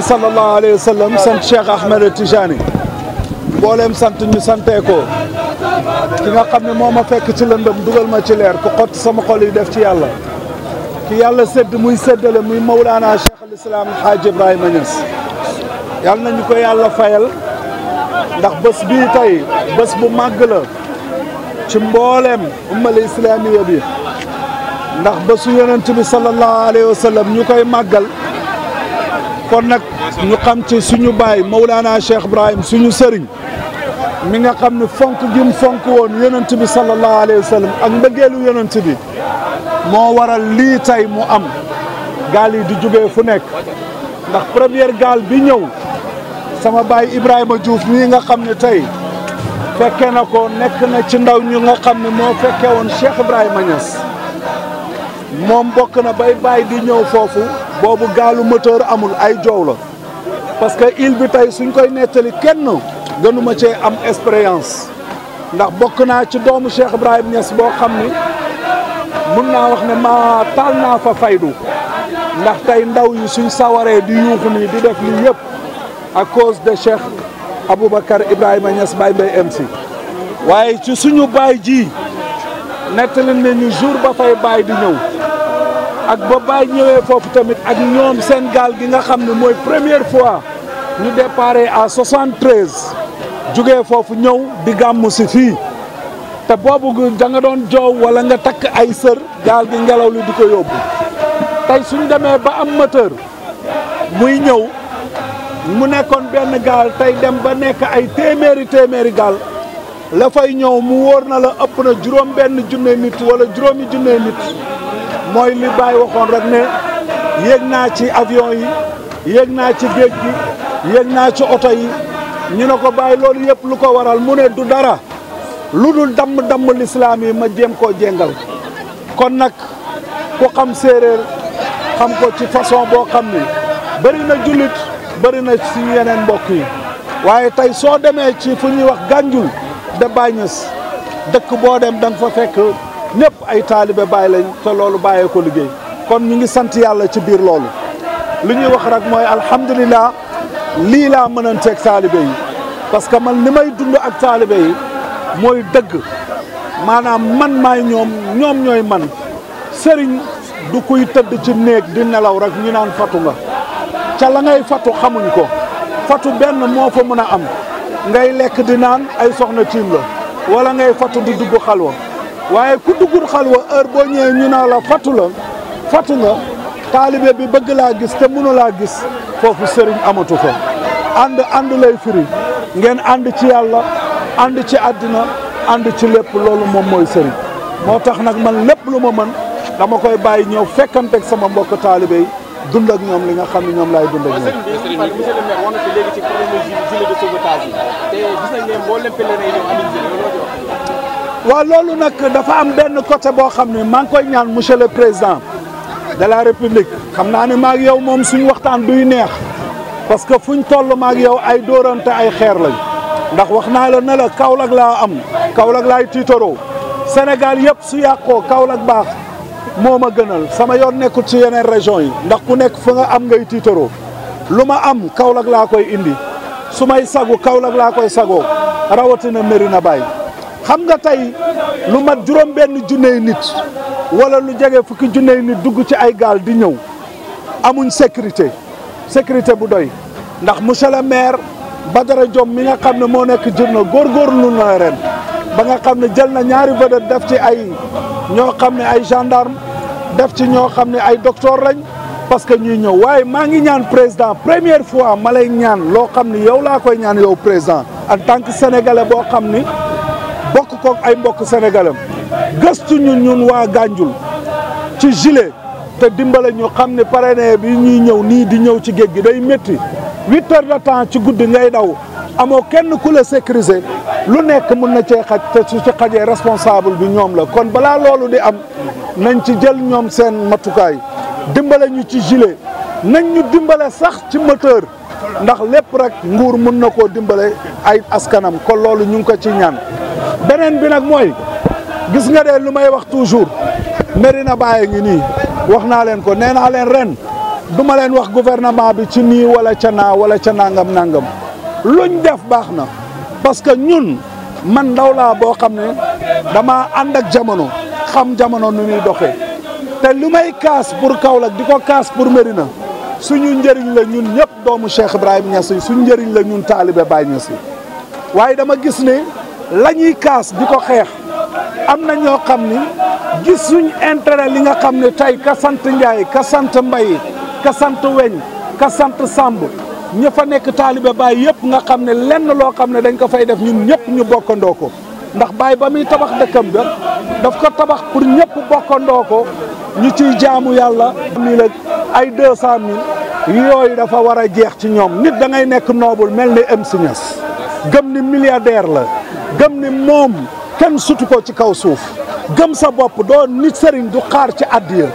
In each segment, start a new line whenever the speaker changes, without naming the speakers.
sallallahu alayhi wa sallam sant Cheikh Ahmed Tijani mbooleem sant ñu santee ko ki nga xam ne moo ma fekk ci lëndëm dugal ma ci leer ku xott sama xol yi def ci yàlla ci yàlla sedd muy séddale muy Mawlaana Cheikh al Islam Haaj Ibrahima Niass yàlla nañu ko yàlla fayal ndax bés bii tey bés bu màgg ci mbooleem ummal islamiya bi ndax bésu yonent bi sallallahu alayhi wa ñu koy màggal kon nag ñu xam suñu baay Mawlana Cheikh Ibrahim suñu sëriñ mi nga xam ne fonk gi mu fonk woon yonent bi sallallahu alayhi wa sallam ak mbëggeelu yonent bi moo waral lii tey mu am gaal yi di jógee fu nekk ndax première gaal bi ñëw sama baay Ibrahima Diouf mii nga xam ne tey fekke na ko nekk na ci ndaw ñu nga xam ne moo fekke woon Cheikh Ibrahima Niass moom bokk na bay bàyyi di ñëw foofu boobu gaalu moteur amul ay joow la parce que île bi tey suñ koy nettali kenn gënuma cee am expérience ndax bokk naa ci doomu Cheikh Ibrahim Niass boo xam ni mun naa wax ne maa taal naa fa faydu ndax tey ndaw yu suñ sawaree di yuuxu nii di def lii yëpp à cos de Cheikh Aboubacar Ibrahima Niass Baye Mbaye si waaye ci suñu baay ji nettali nañu jour ba fay baay di ñëw ak ba Baye foofu tamit ak ñoom seen gaal gi nga xam ne mooy première fois ñu déparé à 73 jugee foofu ñëw di gàmmu si fii te boo da janga doon joow wala nga takk ay sër gaal gi ngelaw li di ko yóbbu tey suñ demee ba am moteur muy ñëw mu nekkoon benn gaal tey dem ba nekk ay téeméeri téeméeri gaal la fay ñëw mu wóor na la ëpp na juróom benn junne nit wala juróomi junne nit mooy li Baye waxoon rek ne yéeg naa ci avion yi yéeg naa ci géej gi yéeg naa ci oto yi ñu ne ko Baye loolu yëpp lu ko waral mu ne du dara lu dul damm-damm lislaam yi ma jéem koo jéngal kon nag ko xam séeréer xam ko ci façon boo xam ni bari na jullit bari na ci yeneen mbokk yi waaye tey soo demee ci fu ñuy wax Gànjul de Baay dëkk boo dem da nga fa fekk ñëpp ay taalibe baay lañ te loolu bàyyee liggéey kon ñu ngi sant yàlla ci biir loolu li ñuy wax rek mooy alhamdulilah lii laa mënanteeg taalibe yi parce que man li may dund ak taalibe yi mooy dëgg maanaam man maay ñoom ñoom ñooy man sëriñ du kuy tëdd ci néeg di nelaw rek ñu naan fatu nga ca la ngay fatu xamuñ ko fatu benn moo fa mën a am ngay lekk di naan ay soxna tiim la wala ngay fatu di dugg xalwa waaye ku duggul xalwa heure boo ñëwee ñu naa la fatu la fatu nga taalibe bi bëgg laa gis te mënu laa gis foofu sëriñ amatu fa ànd ànd lay ngeen ànd ci yàlla ànd ci àddina ànd ci lépp loolu moom mooy sëriñ moo tax nag man lépp lu ma mën dama koy bàyyi ñëw fekkanteeg sama mbokk taalibe yi dund li nga xam ne ñoom laay dund ak ñoom. monsieur le maire wax na ci waaw loolu nag dafa am benn côté boo xam ne maa ngi koy ñaan monsieur le président de la république xam naa ne maag yow moom suñu waxtaan duy neex parce que fuñ toll maag yow ay dóorante ay xeer lañ ndax wax naa la ne la Kaolack laa am Kaolack laay tiitaroo Sénégal yëpp su yàqoo Kaolack baax moo ma gënal sama yoon nekkul si yeneen région yi ndax ku nekk fa nga am ngay tiitaroo lu ma am Kaolack laa koy indi su may sagu Kaolack laa koy sagoo rawatina na Baye xam nga tey lu mat juróom benn junney nit wala lu jege fukki junney nit dugg ci ay gaal di ñëw amuñ sécurité sécurité bu doy ndax monsieur le maire Badara Diom mi nga xam ne moo nekk jur na góorgóorlu na ren ba nga xam ne jël na ñaari vedette def ci ay ñoo xam ne ay gendarme def ci ñoo xam ne ay docteur lañ parce que ñuy ñëw waaye maa ngi ñaan président première fois ma lay ñaan loo xam ne yow laa koy ñaan yow président en tant que boo xam ni bokk kook ay mbokk sénégalam gëstu ñun ñun waa Ganjul ci gilet te dimbale ñu xam ne parrainé bi ñuy ñëw nii di ñëw ci géej gi day métti huit heures de temps ci guddi ngay daw amoo kenn ku la sécuriser lu nekk mën na cee xaj te su ci xajee responsable bi ñoom la kon balaa loolu di am nañ ci jël ñoom seen matukaay dimbale ñu ci gilet nañ ñu dimbale sax ci moteur ndax lépp rek nguur mën na koo dimbale ay askanam kon loolu ñu ngi ko ci ñaan beneen bi nag mooy gis nga de lu may wax toujours Médina baa ngi nii wax naa leen ko nee naa leen ren du ma leen wax gouvernement bi ci nii wala ca naa wala ca nangam nangam luñ def baax na parce que ñun man ndaw laa boo xam ne dama ànd ak jamono xam jamono nu muy doxee te lu may kaas pour Kaolack di ko kaas pour Médina suñu njëriñ la ñun ñëpp doomu Cheikh Ibrahim Niass suñu njëriñ la ñun taalibe Baye Niass waaye dama gis ne. lañu ñuy kaas di ko xeex am na ñoo xam ni gisuñ intérêt li nga xam ne tay ka sant Ndiaye ka sant Mbaye ka sant Weñ ka sant Samb ña fa nekk taalibe Baay yëpp nga xam ne lenn loo xam ne dañ ko fay def ñun ñëpp ñu bokkandoo ko ndax Baay ba muy tabax dëkkam ga daf ko tabax pour ñëpp bokkandoo ko ñu ciy jaamu yàlla mi la ay deux cent mille yooyu dafa war a jeex ci ñoom nit da nekk noobul mel ni MC Niass gëm ni milliardaire la gëm ni moom kenn sutu ko ci kaw suuf gëm sa bopp doo nit sëriñ du xaar ci addiir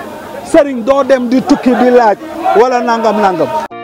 sëriñ doo dem di tukki di laaj wala nangam nangam